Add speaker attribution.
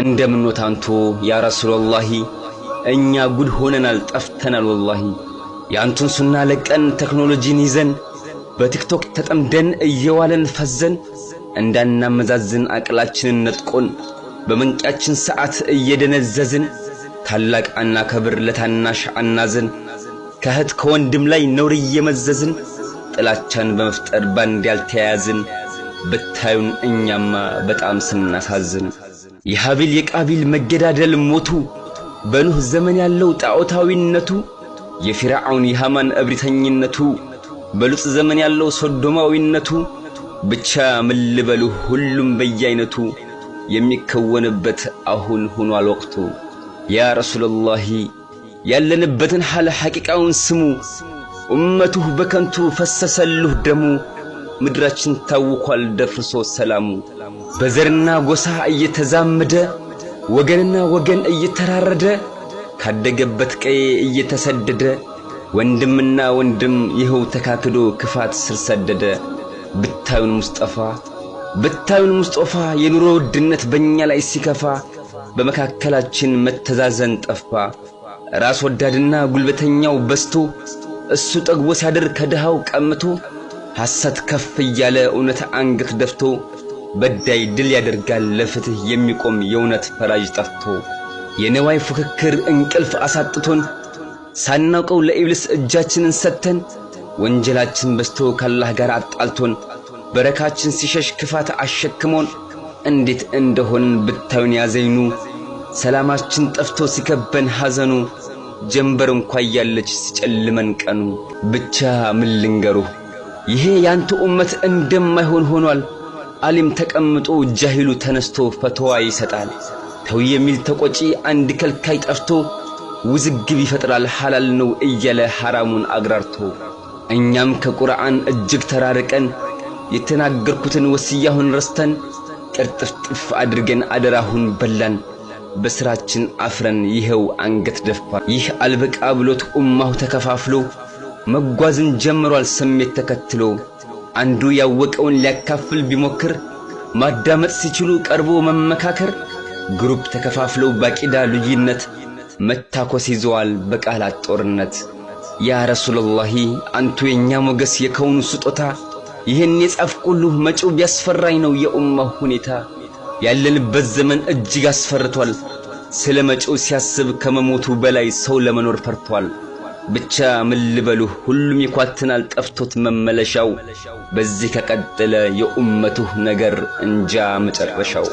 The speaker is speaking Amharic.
Speaker 1: እንደምኖ ኖት ያ ረሱለላሂ እኛ ጉድ ሆነናል፣ ጠፍተናል ወላሂ ያንቱን ሱና ለቀን ቴክኖሎጂን ይዘን በቲክቶክ ተጠምደን እየዋለን ፈዘን እንዳናመዛዝን አቅላችንን ነጥቆን በመንቂያችን ሰዓት እየደነዘዝን ታላቅ አናከብር ለታናሽ አናዝን ከእህት ከወንድም ላይ ነውር እየመዘዝን ጥላቻን በመፍጠር ባንድ ያልተያያዝን ብታዩን እኛማ በጣም ስናሳዝን የሃቢል የቃቢል መገዳደል ሞቱ በኑህ ዘመን ያለው ጣዖታዊነቱ የፊርዓውን የሃማን እብሪተኝነቱ በሉጥ ዘመን ያለው ሶዶማዊነቱ ብቻ ምን ልበሉ ሁሉም በየአይነቱ የሚከወንበት አሁን ሆኗል ወቅቱ። ያ ረሱለላሂ ያለንበትን ሐለ ሐቂቃውን ስሙ። ኡመቱህ በከንቱ ፈሰሰልህ ደሙ። ምድራችን ታውኳል ደፍርሶ ሰላሙ። በዘርና ጎሳ እየተዛመደ ወገንና ወገን እየተራረደ ካደገበት ቀዬ እየተሰደደ ወንድምና ወንድም ይኸው ተካክዶ ክፋት ስር ሰደደ። ብታዩን ሙስጠፋ ብታዩን ሙስጠፋ የኑሮ ውድነት በእኛ ላይ ሲከፋ በመካከላችን መተዛዘን ጠፋ። ራስ ወዳድና ጉልበተኛው በዝቶ እሱ ጠግቦ ሲያደር ከድሃው ቀምቶ ሐሰት ከፍ እያለ እውነት አንገት ደፍቶ በዳይ ድል ያደርጋል። ለፍትህ የሚቆም የእውነት ፈራጅ ጠፍቶ የነዋይ ፉክክር እንቅልፍ አሳጥቶን ሳናውቀው ለኢብልስ እጃችንን ሰጥተን ወንጀላችን በስቶ ካላህ ጋር አጣልቶን በረካችን ሲሸሽ ክፋት አሸክሞን እንዴት እንደሆንን ብታዩን ያዘይኑ ሰላማችን ጠፍቶ ሲከበን ሐዘኑ ጀንበር እንኳ እያለች ሲጨልመን ቀኑ ብቻ ምን ልንገሩህ ይሄ ያንተ ኡመት እንደማይሆን ሆኗል። አሊም ተቀምጦ ጃሂሉ ተነስቶ ፈተዋ ይሰጣል። ተው የሚል ተቆጪ አንድ ከልካይ ጠርቶ ውዝግብ ይፈጥራል ሐላል ነው እያለ ሐራሙን አግራርቶ። እኛም ከቁርአን እጅግ ተራርቀን የተናገርኩትን ወስያሁን ረስተን ቅርጥፍጥፍ አድርገን አደራሁን በላን በስራችን አፍረን ይኸው አንገት ደፋ። ይህ አልበቃ ብሎት ኡማሁ ተከፋፍሎ መጓዝን ጀምሯል ስሜት ተከትሎ አንዱ ያወቀውን ሊያካፍል ቢሞክር ማዳመጥ ሲችሉ ቀርቦ መመካከር፣ ግሩፕ ተከፋፍለው ባቂዳ ልዩነት መታኮስ ይዘዋል በቃላት ጦርነት። ያ ረሱለላሂ አንቱ የእኛ ሞገስ የከውኑ ስጦታ፣ ይህን የጻፍቁሉህ መጪው ቢያስፈራኝ ነው የኡማ ሁኔታ። ያለንበት ዘመን እጅግ አስፈርቷል። ስለ መጪው ሲያስብ ከመሞቱ በላይ ሰው ለመኖር ፈርቷል። ብቻ ምን ልበሉህ ሁሉም ይኳትናል ጠፍቶት መመለሻው። በዚህ ከቀጠለ የኡመቱህ ነገር እንጃ መጨረሻው።